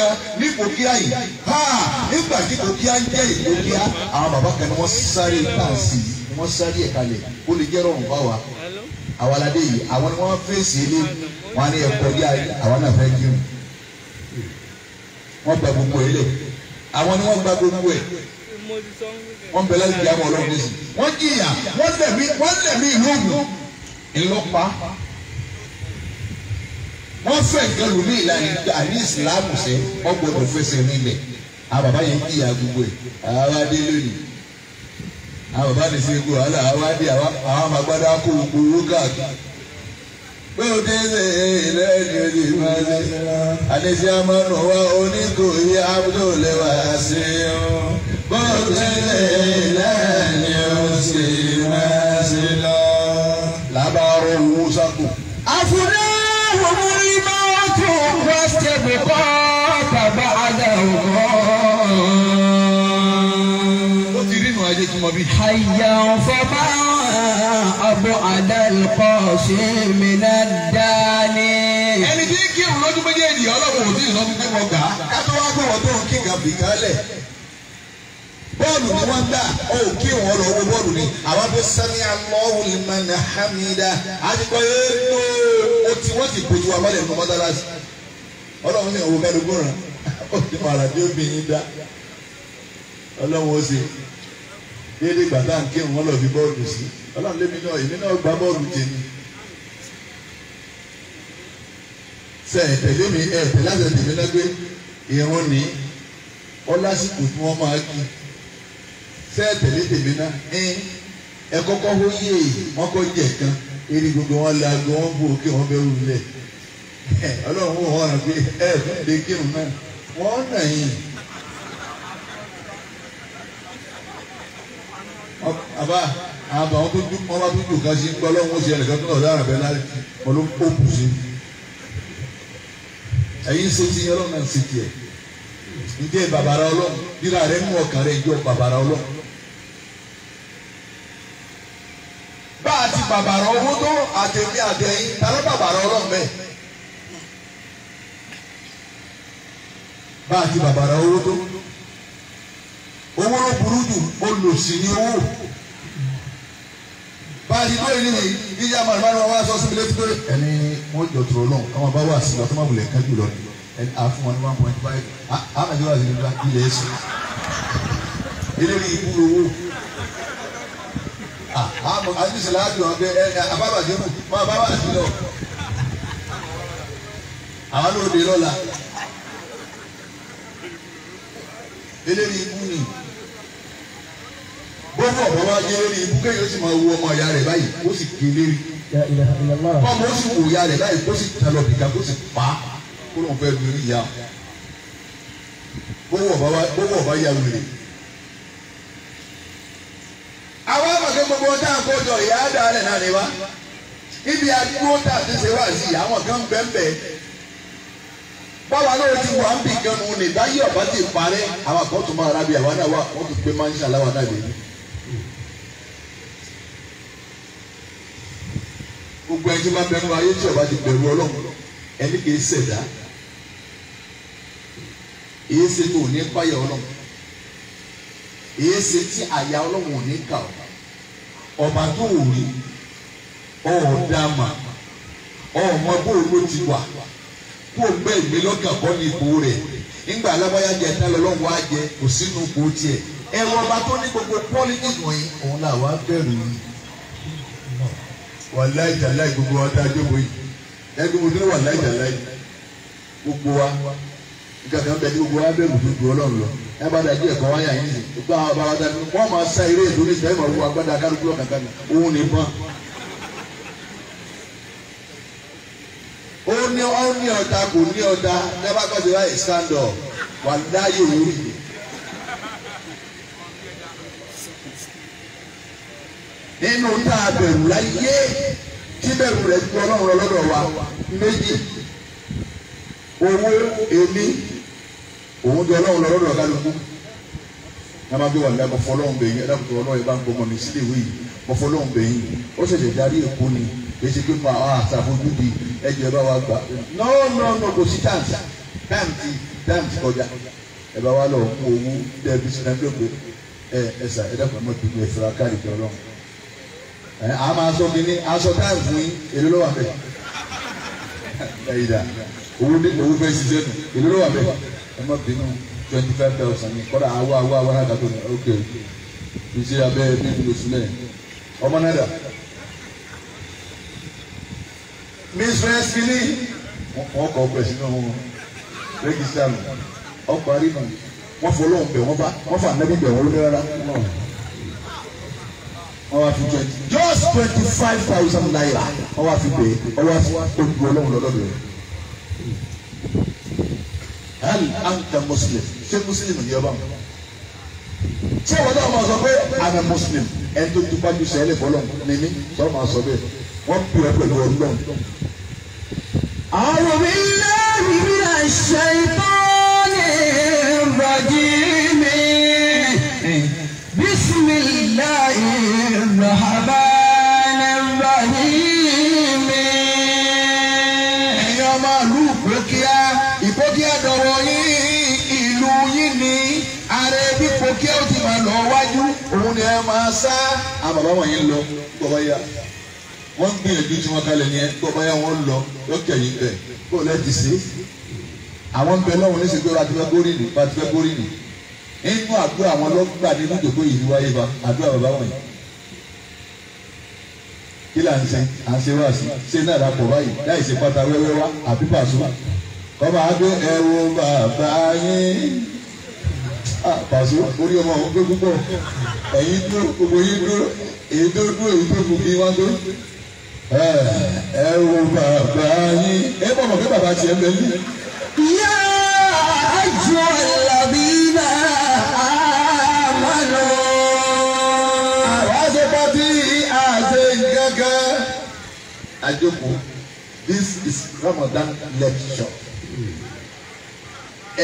kan ní ìpòkíá yìí ha nígbà tí ìpòkíá ń jẹ́ ìpòkíá àwọn bàbá kan ni wọ́n sáré táàsì wọ́n sáré ẹ̀ka lẹ̀ lè jẹ́ rọrùn báwa àwọn aládé yìí àwọn ni wọ́n fèsì ilé wọn ní ẹ̀kọ́ ní àwọn náà fẹ́ kí wọ́n gba gbogbo ẹ̀ lẹ̀ àwọn ni wọ́n gba gbogbo ẹ̀ wọ́n bẹ̀rẹ̀ láti di àwọn ọlọ́run lẹ́sìn wọ́n jìyà wọ́n lẹ̀mí wọ́n lẹ̀mí ìlú ògùn ńlọ́pàá wọ́n fẹ́ nǹkan lómi ìlànà àní ìsìlámù sẹ́ wọ́n gbọ́dọ̀ fẹsẹ̀ nílẹ̀ àbàbá yẹn jìyà gbogbo ẹ̀ àwa dé lónìí àbàbá ní sí gbogbo wàhálà àwa dé àwa àwọn àgbàdo akó gbogbo owó káàkiri lóde lè lẹ́nu ìmọ̀lẹ́ àdéṣe amọ̀nù wa oníkòyí abdullewa ṣe ń bóde lè lẹ́nu ìmọ̀lẹ́ ṣe lọ. làbàárọ̀ owó sáko. afúnà. بقاك بعد حيا فما أبعد القاسم من الداني ẹni tí ń kí òun lọ́dún méjèèjì ọlọ́run ò tí ì lọ́dún pípọ̀ gbà á kátó wá gbọ̀wọ́ tó ń kí nǹkan bì kálẹ̀ bọ́ọ̀lù ni wọ́n gbà ó kí wọ́n lọ owó bọ́ọ̀lù ni àwọn tó sani alọ́wù liman hamida àti pé ó ti wọ́n ti gbòjú wa wọ́n lè mọ́ mọ́tàlásì ọlọ́run sì ń wo kálukú ràn ó ti màrà tí ó fi yín dá ọlọ́run ó sì déédéé gbà tá wọn lọ fi bọ́ọ̀lù sí ọlọ́run lémi náà èmi náà gba bọ́ọ̀lù tèmi sẹ ẹ̀tẹ̀lé mi ẹ̀tẹ̀ láti ẹ̀tẹ̀lé lẹ́gbẹ́ ìrún ni ọlásìkò tí wọ́n máa kí sẹ ẹ̀tẹ̀lé tèmi náà ẹ̀ ẹ̀ kọ́kọ́ wọ́n yé e wọ́n kọ́ jẹ̀ kan eré gbogbo wọn la gbọ́ wọn bò ó kí wọ́n rú lẹ̀ ọlọ́run ó hàn pé ẹ fún lè kírun náà wọ́n nà yín. àbá àbá wọn tó dúpọ̀ wọn tó dùn ká sí gbọ́ ọlọ́run ó ṣe ẹnìkan tó náà dára bẹ́ẹ̀ láti wọn ló kó bù sí. ẹ̀yin ṣe ti ọlọ́run náà ṣe tiẹ̀ ǹjẹ́ bàbàrà ọlọ́run bíra rẹ̀ mú ọkàn rẹ̀ jọ bàbàrà ọlọ́run. bá a ti bàbàrà owó tó àtẹ̀mí àtẹ̀yìn tàbí bàbàrà ọlọ́run bẹ́ẹ̀. bá a ti bàbàrà owó tó owó ló burú jù olùsí ni owó bá a ti tó yìí nìyí yíyá àmọ́ ìbára wa sọ síbi létí pé ẹni wọ́n jọ tòrò lọ́hùn káwọn bá wà sí lọ tó má wulẹ̀ kájú lọ ẹni àfún wọn ní one point five àmàjọ wà sí ilẹ̀ ẹ̀sìn eléyìí ibú lówó àmọ́ àdìsí làádùn ọgbẹ ẹ abábàjẹ mọ bàbá lọ àwọn ló dé lọ́la. eléri ibú ni bọ́fọ̀ bọ́ wá jẹ́ eléri ibú kéèyàn sì máa wo ọmọ ìyá rẹ̀ báyìí kó sì ké léri kọ́mọ ó sì wò ìyá rẹ̀ báyìí kó sì tẹ̀lọ̀ bìkà kó sì pa kó lóun fẹ́ lu orí ìyá bọ́fọ̀ bá yà wèrè. àwa àgbàgbé gbogbo ọjà àkójọ ìyá àdáálẹ̀ náà ni wá ibi àdúgbò tà ti ṣe wá sí àwọn kan bẹ́ẹ̀ bẹ́ẹ̀ báwa náà ti wà ń bì gan nù ní báyìí ọ̀bá ti parẹ́ àwọn kan tó máa rábì àwa náà wà wọ́n ti pé máa ń ṣàlàwà náà lè ní. gbogbo ẹni tí wọ́n bẹ̀rù ayé tí ọba ti bẹ̀rù ọlọ́run ẹni kì í ṣẹ̀dá èyí ṣe tó ní páyà ọlọ́run èyí ṣe tí àyà ọlọ́run ò ní kà ọ́ ọba tó wù rí ọ̀ọ́dàmà ọ̀ọ́mọ bóòlù ti wà. kó o gbẹ ìgbé lọ́kàn kọ́ ní ipò rẹ̀ nígbà alábáyá jẹ tá lọ́lọ́run wá jẹ kò sínú ipò tiẹ̀ ẹ̀rọ ọba tó ní gbogbo pọ́lìtì wọ̀nyí òun là wá bẹ̀rù yìí wà láìjà láì gbogbo wa jókòó yìí mo ní wà láì gbogbo wa gbogbo wa bẹ̀rù ọlọ́run lọ ẹ bá ẹ̀kọ́ wáyà ní ọ̀dà kò ní ọ̀dà dábàá kọ́ sí báyìí stand up wà láyé orí. nínú tá a bẹ̀rù láyé tí bẹ̀rù rẹ̀ ju ọlọ́run lọ́dọ̀ wa méjì owó èmi òun ju ọlọ́run lọ́dọ̀ kálukú nàmá bí wà lẹ́kọ̀ọ́ fọlọ́hún bẹ̀yìn ẹ̀dá kòtò ọlọ́run yẹn bá ń gbọmọ mi sílẹ̀ wí mọ̀ fọlọ́hún bẹ̀yìn ó ṣẹ̀ṣẹ̀ darí èkó ni èsì pé mo àwọn àṣàfojúdi ẹjọ́ bá wa gbà nọ́ọ̀ nọ́ọ̀ nọ́ọ̀ kò sí táǹtì táǹtì táǹtì kọjá ẹ bá wa lọ mú owó dẹ́bi sinmi ẹgbẹ́ ẹ ẹsà ẹ dẹ́kun mọ́ tuntun ẹ̀fọ́ akáàdì kẹ ọlọ́run ẹ a máa sọ kí ni aṣọ táǹtì fún yín èlò ló wà bẹ́ẹ̀ ẹ̀yìn dà owó fẹ́ ṣiṣẹ́ nù èlò ló wà bẹ́ẹ̀ bínú twenty five thousand ní kọ́dà awọ awọ awọ náà dàgbọ́ ní ok ìṣe abẹ́ bíbí lóṣù náà ọmọ náà dà mistress kìíní wọ́n kọ ọkọ ẹ sínú rẹgísítà nù ọkọ àríwá wọ́n fọ Ọlọ́run bẹ̀ wọ́n bá wọ́n fọ ànábì bẹ̀ wọ́n lórí rárá wọ́n wá fi jẹ just twenty five thousand naira wọ́n wá fi bẹ wọ́n wá fi olùkọ́ Ọlọ́run lọ́dọ̀ rẹ̀ hali anta muslim ṣé muslim ni ọba mi ṣé wọn náà máa sọ pé i'm a muslim ẹni tó dúpájú sẹ́lẹ̀ fọlọ́ mímí sọ ma sọ bẹ́ẹ̀ wọ́n pè é pẹ̀lú ọlọ́run. àwọn mi lẹ́rìí bí a ìrọ̀jì mi bísímìláì rọ̀hábà ní ọmọ ìlú lọ gbọ́dọ̀ yá wọ́n ń gbìyànjú tí wọ́n kalẹ̀ yẹn gbọ́ báyà wọ́n lọ lókè yìí bẹ̀ kó lẹ́ẹ̀dì sí. àwọn ń bẹ lọ́wọ́ ní sèpé wa ti fẹ́ górí nì wa ti fẹ́ górí nì. inú àdúrà àwọn lọ́gbà nínú ìdòkó yìí wáyé ba àdúrà bàbá wọ̀nyí. kí là ń ṣe à ń ṣe wá sí ṣé náà dàpọ̀ báyìí láì ṣe pátá wẹ́wẹ́ wá àbí pàṣọ. kọ́má á gbé ẹ̀rù bàbá yín pàṣọ orí ọmọ òun pé púpọ̀ ẹ̀yin dúró gbogbo yín dúró èyí tó dúró èyí tó kù kí wọ́n dúró ẹ bàbá yín ẹ bọ̀ mọ̀ pé bàbá tiẹ̀ ń ní. yá àjọ ìlàbí náà àmàlò. àwáṣe pátí àṣe gángan. àjòkò this is Ramadan lecture.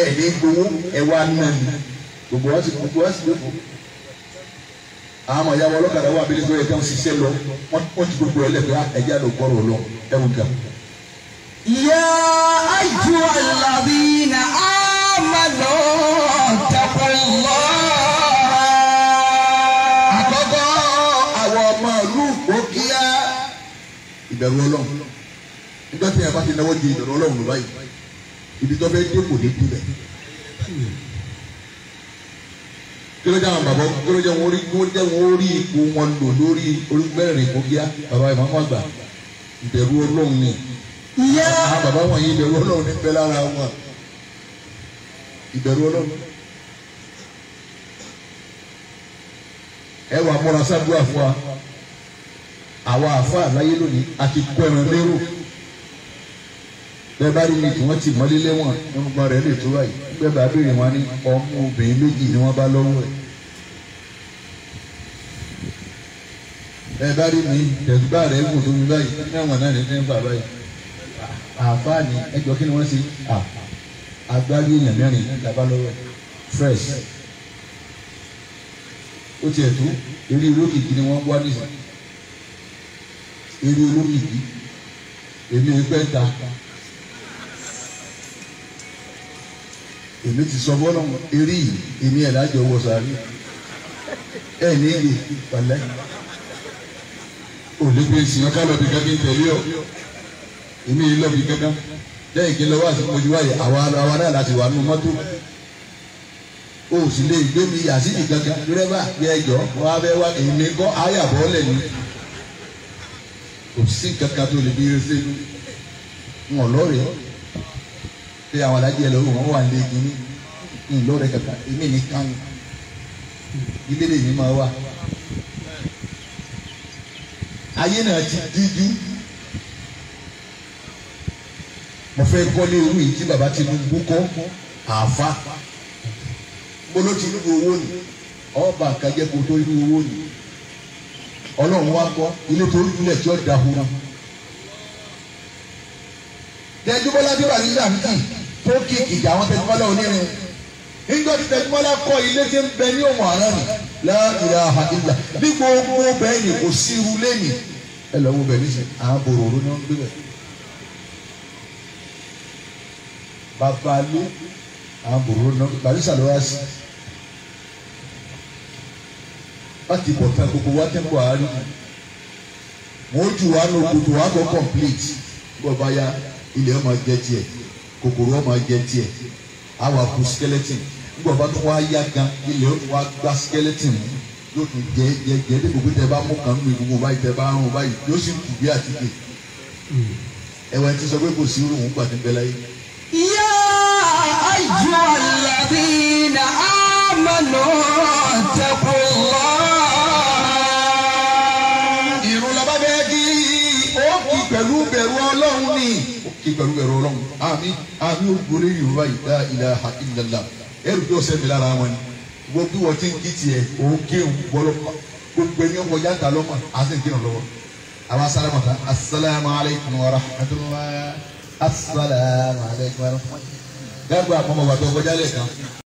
ẹ ní gbowó ẹ wá náà ni gbogbo wa sì gbogbo wa sì lè àmọ́ ìyàwó ọlọ́kadà wà abẹ́lẹ́ gbọ́dọ̀ kan ṣiṣẹ́ lọ wọ́n ti gbogbo ẹlẹ́gbẹ́ ah, ẹ̀jẹ̀ àlọ́ gbọ́rọ̀ lọ ẹ̀wù ga. yà á ju àlàbí na àmà lọ tẹ̀kọ̀ lọ. àkọ́kọ́ àwọn ọmọ ìlú òkìá ìbẹ̀rù ọlọ́run nígbà tí a bá ti náwó di ìbẹ̀rù ọlọ́run lọ báyìí ibi tó fẹ́ dé kò ní dé kí ló jẹ́ àwọn bàbá kí ló jẹ́ wọn orí kí ló jẹ́ wọn orí ipò wọn lò lórí olùgbẹ́rìn kó gíá bàbá ìmọ̀mọ́ àgbà ìbẹ̀rù ọlọ́run ni àwọn bàbá wọ̀nyí ìbẹ̀rù ọlọ́run ní bẹ́ lára wọn ìbẹ̀rù ọlọ́run. ẹ wà múra sádùá fún wa àwa àfa àláyé lónìí àti kó lérò bẹ́ẹ̀ bá rí mi tí wọ́n ti mọ́lé lẹ́wọ̀n nínú gbọ́n rẹ̀ lè tó báyìí bẹ́ẹ̀ bá béèrè wọn ní ọmú obìnrin méjì ni wọ́n bá lọ́wọ́ ẹ̀. ẹ bá rí mi tẹ̀síbá rẹ̀ kò tóbi báyìí ẹ̀wọ̀n náà ní fẹ́ fà báyìí. àfáàní ẹjọ́ kí ni wọ́n ṣe àgbáyé èèyàn mẹ́rin nígbà bá lọ́wọ́ ẹ̀ fresh. ó tiẹ̀ tó eré olókìkí ni wọ́n wá nísìnyí eré olókìkí èmi ò ta. èmi ti sọ bọ́lá eré yìí èmi ẹ̀ lájọ wọ sàárè ẹ̀ ní èyí pẹ̀lẹ́ olùgbé ìsìn ọ̀ká lọ́bi kankan tẹ̀lé ọ̀ èmi yìí lọ́bi kankan lẹ́yìn kí n lọ wá sí mojú wáyé àwa àwa náà láti wà nínú mọ́tò o sì lè gbé mi yàsídì kankan dírẹ́bà yẹ ẹjọ́ wọn abẹ́ wá èmi kọ́ ayàbọ̀ lẹ̀ ni kò sí kankan tó lè bí irú sínú wọn lọ́rẹ̀ẹ́ pé àwọn alájí ẹ lọ́rùn wọn wà ní ẹgbẹ́ ní ìlọrẹ kẹta èmi ní kánú ilé lèmi máa wà. ayé náà ti díjú mo fẹ́ kọ́lé irú yìí tí bàbá Tinubu kọ́ àáfà gbolo Tinubu owó ni ọba àkàjẹ kò tó irú owó ni ọlọ́run wa kọ́ ilé tó dúlẹ̀ tí ó dahùn náà. bọ́lá bí wà nígbà mìíràn tó kí ìjà àwọn tẹnumọ́lá onírin nígbà tí tẹnumọ́lá kọ́ ilé tí ń bẹ ní òun àná nì láàbìrà àhàdìgbà bí gbogbo bẹ́ẹ̀ ni kò sí irú lẹ́yìn ẹ lọ́wọ́ bẹ̀ níṣẹ́ àbòrò òru ni wọ́n gbé bẹ̀. babalú àbòrò òru náà barisa ló wá sí láti bọ̀ tán gbogbo wa tẹ́ ń bọ̀ àárín wọn ó jù wá ní okùtù wa kọ́ complete gbọ̀ bá ya ilé ọmọ jẹ́ tiẹ̀ kòkòrò ọmọ jẹ tiẹ̀ àwọn àkú skeleton nígbà bá tó wá yá gan ilẹ̀ ó wá gba skeleton yóò tún jẹ jẹ jẹ dípò pé tẹ bá mú kàn nínú ìgbìmọ̀ báyìí tẹ bá rún báyìí yóò sì tù bí àtìkè ẹwà ti sọ pé kò sí irú gbà tí ń bẹ yá ayọ̀ àlàbí na àmàlò tẹ̀kọ̀ lọ́wọ́. kí pẹ̀lú ẹ̀rọ ọlọ́run àmì àmì ògbólé yorùbá yìí la ilaha illallah ẹrù bí ọ̀sẹ̀ mi lára wọn ni wọ́n bí wọ́n ti ń kí tiẹ̀ òun kí òun gbogbo ẹni ọkọ̀ yáǹtà lọ́mọ àti ìkírun lọ́wọ́ àwọn sálámàtà asalaamualeykum wa rahmatulah asalaamualeykum wa dábàá àpamọ́ wàtò